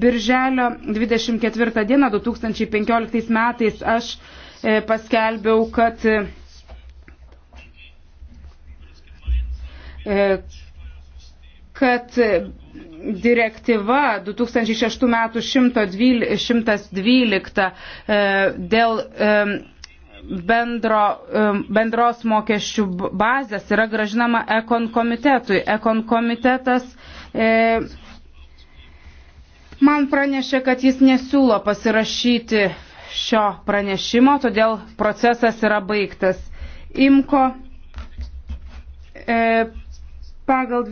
Birželio 24 dieną 2015 metais aš e, paskelbiau, kad e, kad direktyva 2006 metų 112 e, dėl bendro, bendros mokesčių bazės yra gražinama ekon komitetui. Ekon komitetas Man pranešė, kad jis nesiūlo pasirašyti šio pranešimo, todėl procesas yra baigtas. Imko e, pagal